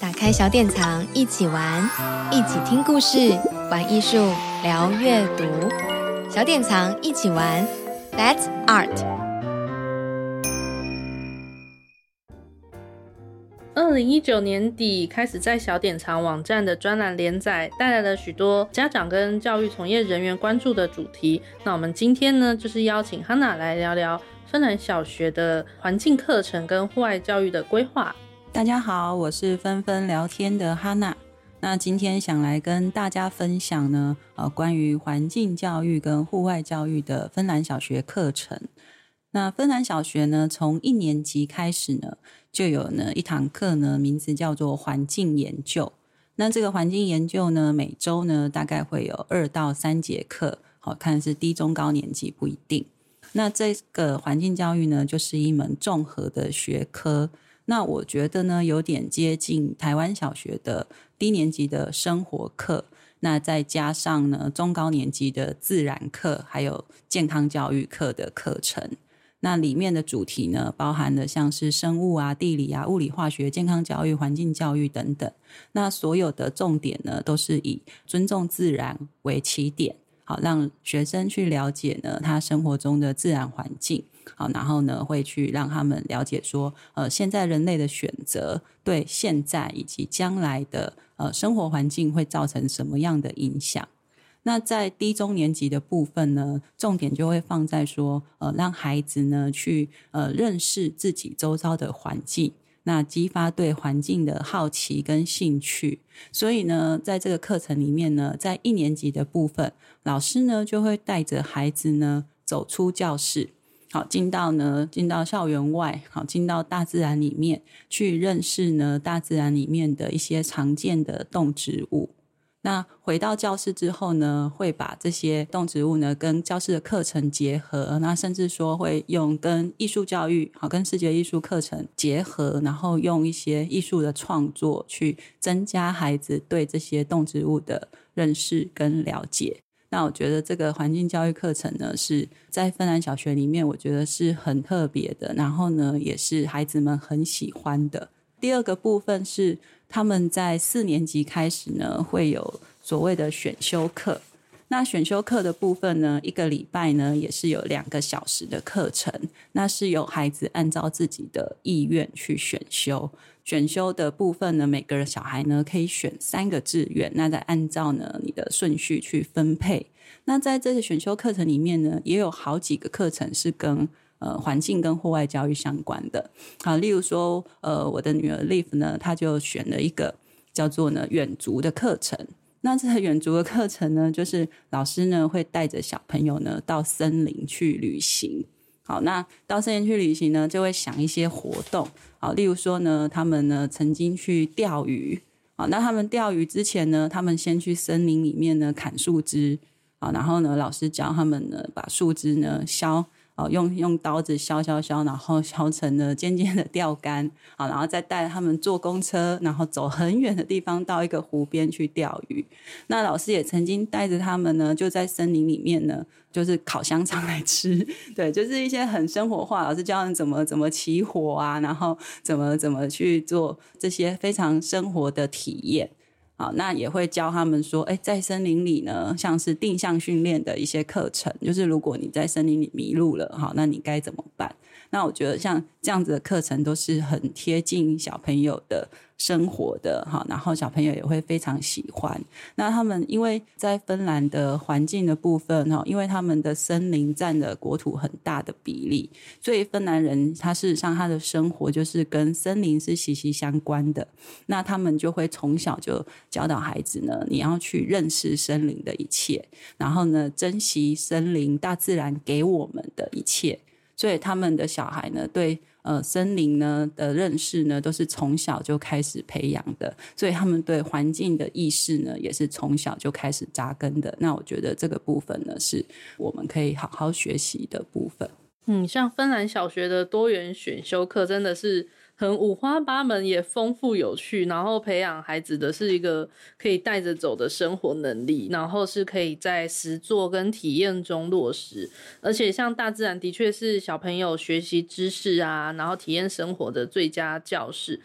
打開小典藏，一起玩，一起聽故事，玩藝術，聊閱讀。小典藏，一起玩，That's Art。二零一九年底開始，在小典藏網站的專欄連載，帶來了許多家長跟教育從業人員關注的主題。那我們今天呢，就是邀請 Hana 來聊聊芬蘭小學的環境課程跟戶外教育的規劃。大家好，我是芬紛聊天的哈娜。那今天想來跟大家分享呢，呃，關於環境教育跟戶外教育的芬蘭小學課程。那芬蘭小學呢，從一年級開始呢，就有呢一堂課呢，名字叫做環境研究。那這個環境研究呢，每周呢大概會有二到三節課，好，看是低中高年級不一定。那這個環境教育呢，就是一門綜合的學科。那我覺得呢，有點接近台灣小學的低年級的生活課，那再加上呢中高年級的自然課，還有健康教育課的課程。那裡面的主題呢，包含了像是生物啊、地理啊、物理、化學、健康教育、環境教育等等。那所有的重點呢，都是以尊重自然為起點，好讓學生去了解呢他生活中的自然環境。好，然後呢，會去讓他們了解說，呃，現在人類的選擇對現在以及將來的呃生活環境會造成什麼樣的影響。那在低中年級的部分呢，重點就會放在說，呃，讓孩子呢去呃認識自己周遭的環境，那激發對環境的好奇跟興趣。所以呢，在這個課程裡面呢，在一年級的部分，老師呢就會帶着孩子呢走出教室。好，進到呢，進到校園外，好，進到大自然裡面，去認識呢，大自然裡面的一些常見的動植物。那回到教室之後呢，會把這些動植物呢跟教室的課程結合，那甚至說會用跟藝術教育，好，跟視覺藝術課程結合，然後用一些藝術的創作去增加孩子對這些動植物的認識跟了解。那我覺得這個環境教育課程呢，是在芬蘭小學裡面，我覺得是很特別的。然後呢，也是孩子們很喜歡的。第二個部分是，他們在四年級開始呢，會有所謂的選修課。那選修課的部分呢，一個禮拜呢，也是有兩個小時的課程。那是由孩子按照自己的意願去選修，選修的部分呢，每個人小孩呢可以選三個志願，那再按照呢你的順序去分配。那在這個選修課程裡面呢，也有好幾個課程是跟呃環境跟戶外教育相關的。好，例如說呃我的女兒 Liv 呢，她就選了一個叫做呢遠足的課程。那這遠足的課程呢，就是老師呢會帶着小朋友呢到森林去旅行。好，那到森林去旅行呢，就會想一些活動。好，例如說呢，他們呢曾經去釣魚。好，那他們釣魚之前呢，他們先去森林裡面呢砍樹枝。好，然後呢，老師教他們呢把樹枝呢削。哦，用用刀子削削削，然後削成了尖尖的釣竿。好，然後再帶他們坐公車，然後走很遠的地方到一個湖邊去釣魚。那老師也曾經帶着他們呢，就在森林裡面呢，就是烤香腸來吃。對，就是一些很生活化。老師教你怎麼怎麼起火啊，然後怎麼怎麼去做這些非常生活的體驗。好，那也會教他們說，哎，在森林裡呢，像是定向訓練的一些課程，就是如果你在森林裡迷路了，好，那你該怎麼辦？那我覺得像這樣子的課程都是很貼近小朋友的生活的哈，然後小朋友也會非常喜歡。那他們因為在芬蘭的環境的部分哈，因為他們的森林占了國土很大的比例，所以芬蘭人他事實上他的生活就是跟森林是息息相關的。那他們就會從小就教導孩子呢，你要去認識森林的一切，然後呢，珍惜森林、大自然給我們的一切。所以他們的小孩呢，對呃森林呢的認識呢，都是從小就開始培養的。所以他們對環境的意識呢，也是從小就開始扎根的。那我覺得這個部分呢，是我們可以好好學習的部分。嗯，像芬蘭小學的多元選修課真的是很五花八門，也豐富有趣，然後培養孩子的是一個可以帶着走的生活能力，然後是可以在實作跟體驗中落實。而且像大自然的確是小朋友學習知識啊，然後體驗生活的最佳教室。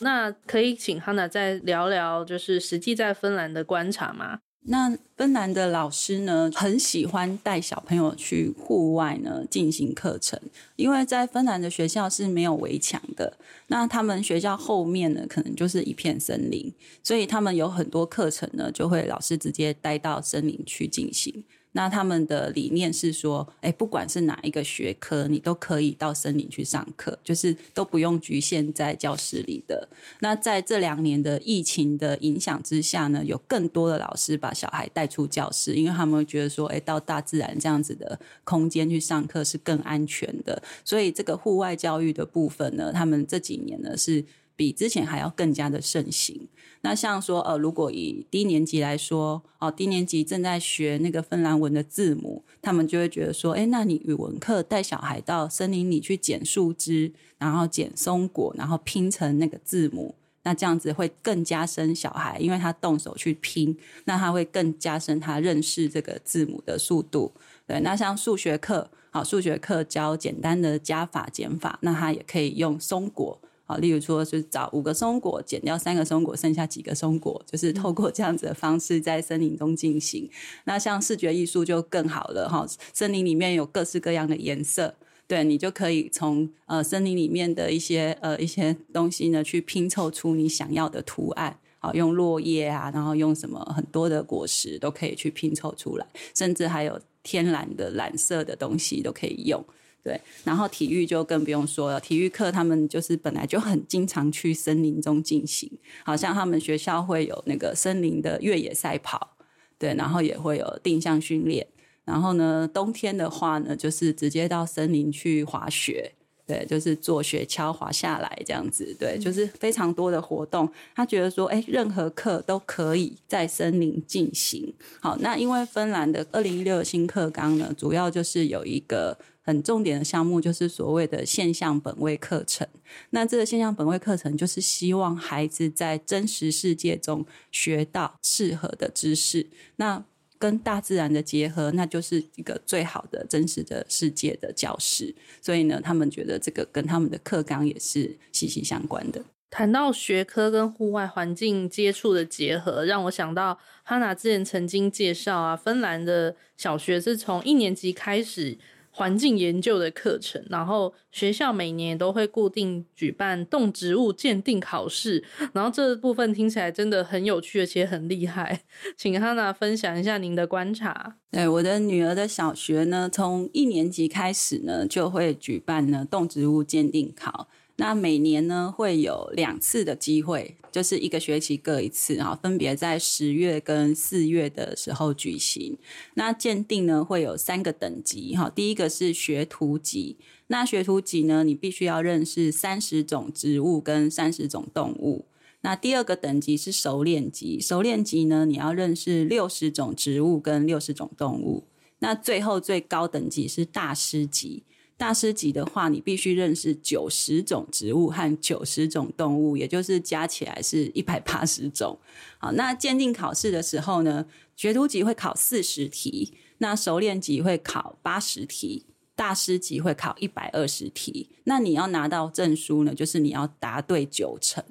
那可以請 Hana 再聊聊，就是實際在芬蘭的觀察嗎？那芬蘭的老師呢，很喜歡帶小朋友去戶外呢進行課程，因為在芬蘭的學校是沒有圍牆的，那他們學校後面呢，可能就是一片森林，所以他們有很多課程呢，就會老師直接帶到森林去進行。那他們的理念是說，誒，不管是哪一個學科，你都可以到森林去上課，就是都不用局限在教室裡的。那在這兩年的疫情的影響之下呢，有更多的老師把小孩帶出教室，因為他們會覺得說，誒，到大自然這樣子的空間去上課是更安全的。所以這個戶外教育的部分呢，他們這幾年呢是。比之前還要更加的盛行。那像說，呃，如果以低年級來說，哦，低年級正在學那個芬蘭文的字母，他們就會覺得說，哎，那你語文課帶小孩到森林裡去撿樹枝，然後撿松果，然後拼成那個字母，那這樣子會更加深小孩，因為他動手去拼，那他會更加深他認識這個字母的速度。對，那像數學課，好，數學課教簡單的加法、減法，那他也可以用松果。好，例如說就是找五個松果，減掉三個松果，剩下幾個松果，就是透過這樣子的方式在森林中進行。那像視覺藝術就更好了哈，森林裡面有各式各樣的顏色，對，你就可以從呃森林裡面的一些呃一些東西呢，去拼湊出你想要的圖案。好，用落葉啊，然後用什麼很多的果實都可以去拼湊出來，甚至還有天然的藍色的東西都可以用。對，然後體育就更不用說了，體育課他們就是本來就很經常去森林中進行，好像他們學校會有那個森林的越野賽跑，對，然後也會有定向訓練，然後呢，冬天的話呢，就是直接到森林去滑雪，對，就是坐雪橇滑下來這樣子，對，就是非常多的活動。他覺得說，哎，任何課都可以在森林進行。好，那因為芬蘭的二零一六新課綱呢，主要就是有一個。很重點的項目就是所謂的現象本位課程。那這個現象本位課程就是希望孩子在真實世界中學到適合的知識。那跟大自然的結合，那就是一個最好的真實的世界的教室。所以呢，他們覺得這個跟他們的課綱也是息息相關的。談到學科跟戶外環境接觸的結合，讓我想到哈娜之前曾經介紹啊，芬蘭的小學是從一年級開始。環境研究的課程，然後學校每年都會固定舉辦動植物鑑定考試，然後這部分聽起來真的很有趣，而且很厲害，請哈娜分享一下您的觀察。對，我的女兒的小學呢，從一年級開始呢，就會舉辦呢動植物鑑定考。那每年呢，會有兩次的機會，就是一個學期各一次，分別在十月跟四月的時候舉行。那鑑定呢，會有三個等級，哈，第一個是學徒級，那學徒級呢，你必須要認識三十種植物跟三十種動物。那第二個等級是熟練級，熟練級呢，你要認識六十種植物跟六十種動物。那最後最高等級是大師級。大師級的話，你必須認識九十種植物和九十種動物，也就是加起來是一百八十種。好，那鑑定考試的時候呢，學徒級會考四十題，那熟練級會考八十題，大師級會考一百二十題。那你要拿到證書呢，就是你要答對九成。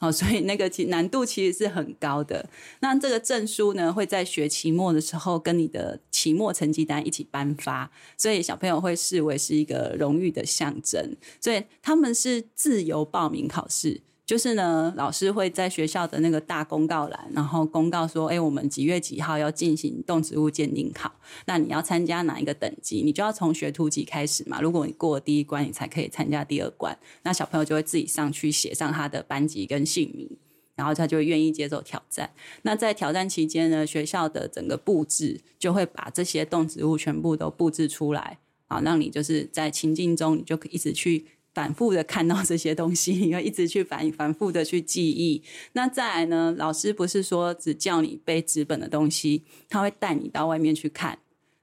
哦，所以那個其難度其實是很高的。那這個證書呢，會在學期末的時候跟你的期末成績單一起頒發，所以小朋友會視為是一個榮譽的象徵。所以他們是自由報名考試。就是呢，老師會在學校的那個大公告欄，然後公告說：“誒、欸，我們幾月幾號要進行動植物鑑定考？那你要參加哪一個等級？你就要從學徒級開始嘛。如果你過了第一關，你才可以參加第二關。那小朋友就會自己上去寫上他的班級跟姓名，然後他就會願意接受挑戰。那在挑戰期間呢，學校的整個布置就會把這些動植物全部都布置出來啊，讓你就是在情境中，你就一直去。”反覆的看到這些東西，你要一直去反反覆的去記憶。那再來呢？老師不是說只叫你背紙本的東西，他會帶你到外面去看，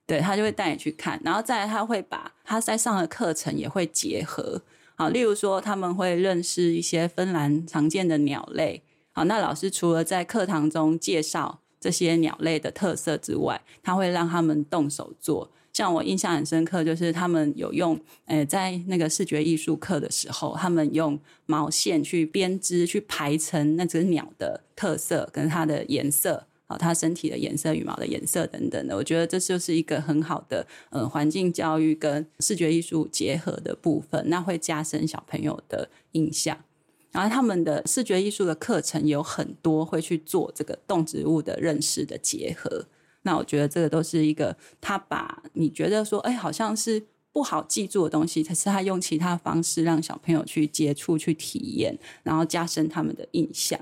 對，他就會帶你去看。然後再來，他會把他在上的課程也會結合。好，例如說他們會認識一些芬蘭常見的鳥類。好，那老師除了在課堂中介紹這些鳥類的特色之外，他會讓他們動手做。像我印象很深刻，就是他們有用，誒，在那個視覺藝術課的時候，他們用毛線去編織，去排成那隻鳥的特色跟它的顏色，好、哦，它身體的顏色、羽毛的顏色等等的。我覺得這就是一個很好的，嗯、呃，環境教育跟視覺藝術結合的部分，那會加深小朋友的印象。然後他們的視覺藝術的課程有很多會去做這個動植物的認識的結合。那我覺得這個都是一個，他把你覺得說，哎、欸，好像是不好記住的東西，可是他用其他方式讓小朋友去接觸、去體驗，然後加深他們的印象。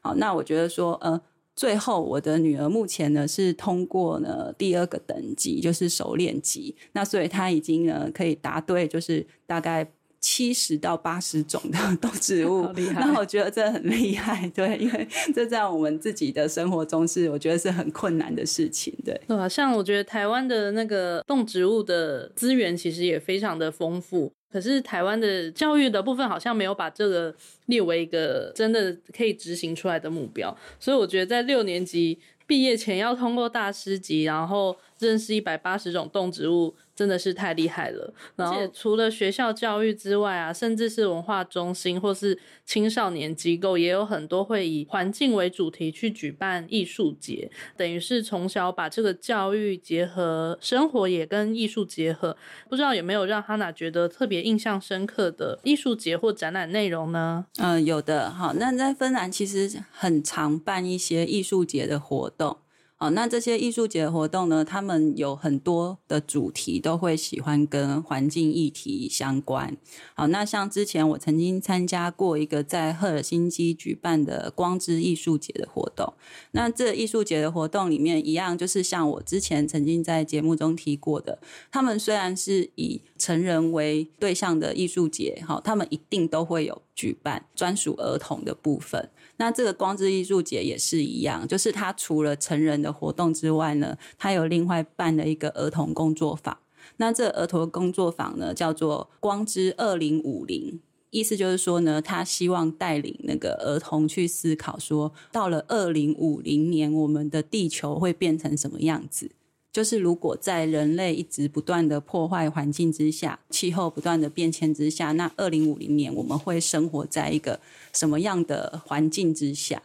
好，那我覺得說，呃，最後我的女兒目前呢是通過呢第二個等級，就是熟練級。那所以她已經呢可以答對，就是大概。七十到八十種的動植物， 好厲害，那我覺得這很厲害，對，因為這在我們自己的生活中是我覺得是很困難的事情，對。對啊，像我覺得台灣的那個動植物的資源其實也非常的豐富，可是台灣的教育的部分好像沒有把這個列為一個真的可以執行出來的目標，所以我覺得在六年級畢業前要通過大師級，然後。認識一百八十種動植物真的是太厲害了。然後而且除了學校教育之外啊，甚至是文化中心或是青少年機構，也有很多會以環境為主題去舉辦藝術節，等於是從小把這個教育結合生活，也跟藝術結合。不知道有沒有讓哈娜覺得特別印象深刻的藝術節或展覽內容呢？嗯、呃，有的。好，那在芬蘭其實很常辦一些藝術節的活動。好，那這些藝術節的活動呢，他們有很多的主題都會喜歡跟環境議題相關。好，那像之前我曾經參加過一個在赫爾辛基舉辦的光之藝術節的活動。那這藝術節的活動裡面，一樣就是像我之前曾經在節目中提過的，他們雖然是以成人為對象的藝術節，好，他們一定都會有舉辦專屬兒童的部分。那這個光之藝術節也是一樣，就是他除了成人的活動之外呢，他有另外辦了一個兒童工作坊。那這兒童工作坊呢，叫做“光之二零五零”，意思就是說呢，他希望帶領那個兒童去思考說，說到了二零五零年，我們的地球會變成什麼樣子。就是如果在人類一直不斷的破壞環境之下，氣候不斷的變遷之下，那二零五零年我們會生活在一個什麼樣的環境之下？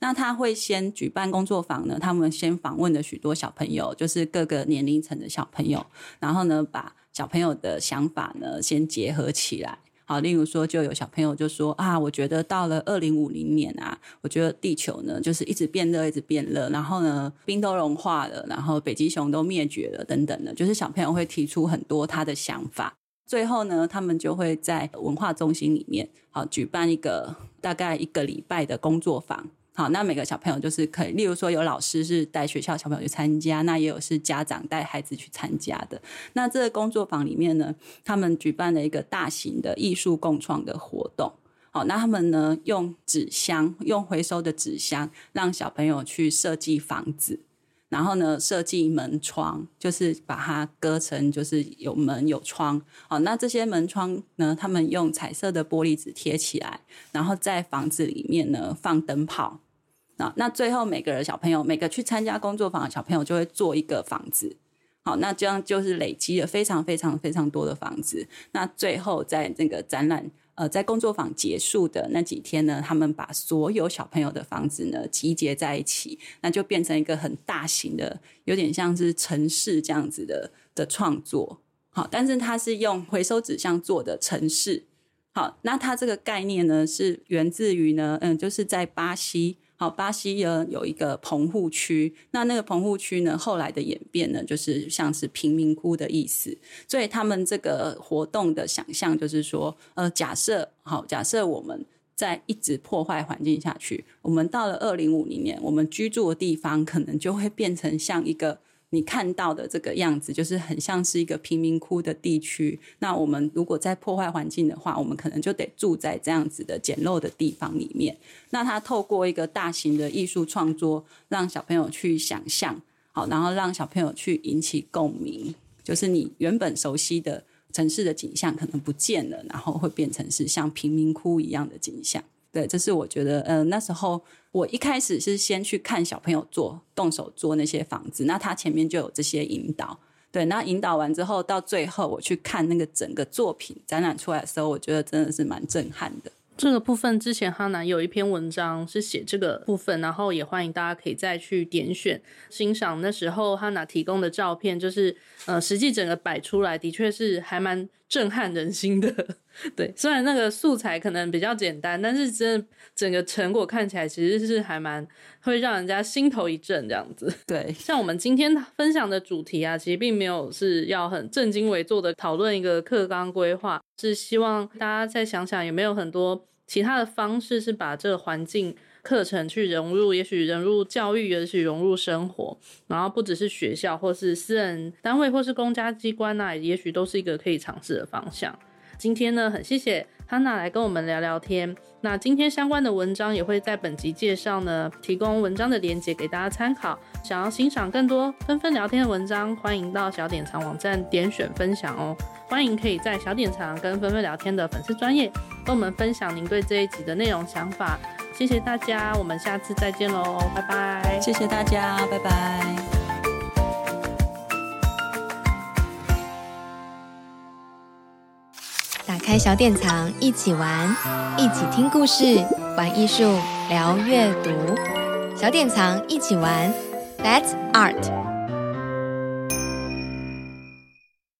那他會先舉辦工作坊呢，他們先訪問了許多小朋友，就是各個年齡層的小朋友，然後呢，把小朋友的想法呢，先結合起來。好，例如說，就有小朋友就說啊，我覺得到了二零五零年啊，我覺得地球呢，就是一直變熱，一直變熱，然後呢，冰都融化了，然後北極熊都滅絕了，等等的，就是小朋友會提出很多他的想法。最後呢，他們就會在文化中心裡面，好，舉辦一個大概一個禮拜的工作坊。好，那每個小朋友就是可以，例如說有老師是帶學校小朋友去參加，那也有是家長帶孩子去參加的。那這個工作坊裡面呢，他們舉辦了一個大型的藝術共創的活動。好，那他們呢，用紙箱，用回收的紙箱，讓小朋友去設計房子，然後呢，設計門窗，就是把它割成就是有門有窗。好，那這些門窗呢，他們用彩色的玻璃紙貼起來，然後在房子裡面呢，放燈泡。那最後每個人，小朋友，每個去參加工作坊的小朋友就會做一個房子，好，那這樣就是累積了非常非常非常多的房子。那最後在那個展覽，呃，在工作坊結束的那幾天呢，他們把所有小朋友的房子呢集結在一起，那就變成一個很大型的，有點像是城市這樣子的的創作。好，但是它是用回收紙箱做的城市。好，那它這個概念呢是源自於呢，嗯，就是在巴西。好，巴西呢有一個棚戶區，那那個棚戶區呢後來的演變呢，就是像是貧民窟的意思。所以他們這個活動的想象就是說，呃，假設好，假設我們在一直破壞環境下去，我們到了二零五零年，我們居住的地方可能就會變成像一個。你看到的這個樣子，就是很像是一個貧民窟的地區。那我們如果在破壞環境的話，我們可能就得住在這樣子的簡陋的地方裡面。那它透過一個大型的藝術創作，讓小朋友去想象，好，然後讓小朋友去引起共鳴。就是你原本熟悉的城市的景象，可能不見了，然後會變成是像貧民窟一樣的景象。對，這是我覺得，嗯、呃，那時候我一開始是先去看小朋友做動手做那些房子，那他前面就有這些引導，對，那引導完之後，到最後我去看那個整個作品展覽出來的時候，我覺得真的是蠻震撼的。這個部分之前哈娜有一篇文章是寫這個部分，然後也歡迎大家可以再去點選欣賞那時候哈娜提供的照片，就是呃，實際整個擺出來的確是還蠻震撼人心的。對，雖然那個素材可能比較簡單，但是真的整個成果看起來其實是還蠻會讓人家心頭一震這樣子。對，像我們今天分享的主題啊，其實並沒有是要很正襟危坐的討論一個課綱規劃，是希望大家再想想有沒有很多其他的方式是把這個環境課程去融入，也許融入教育，也許融入生活，然後不只是學校或是私人單位或是公家機關啊，也許都是一個可以嘗試的方向。今天呢，很謝謝 HANA 來跟我們聊聊天。那今天相關的文章也會在本集介紹呢，提供文章的鏈接給大家參考。想要欣賞更多紛紛聊天的文章，歡迎到小典藏網站點選分享哦。歡迎可以在小典藏跟紛紛聊天的粉絲專頁跟我們分享您對這一集的內容想法。謝謝大家，我們下次再見嘍，拜拜。謝謝大家，拜拜。開小典藏一起玩，一起聽故事，玩藝術，聊閱讀。小典藏一起玩，That's art。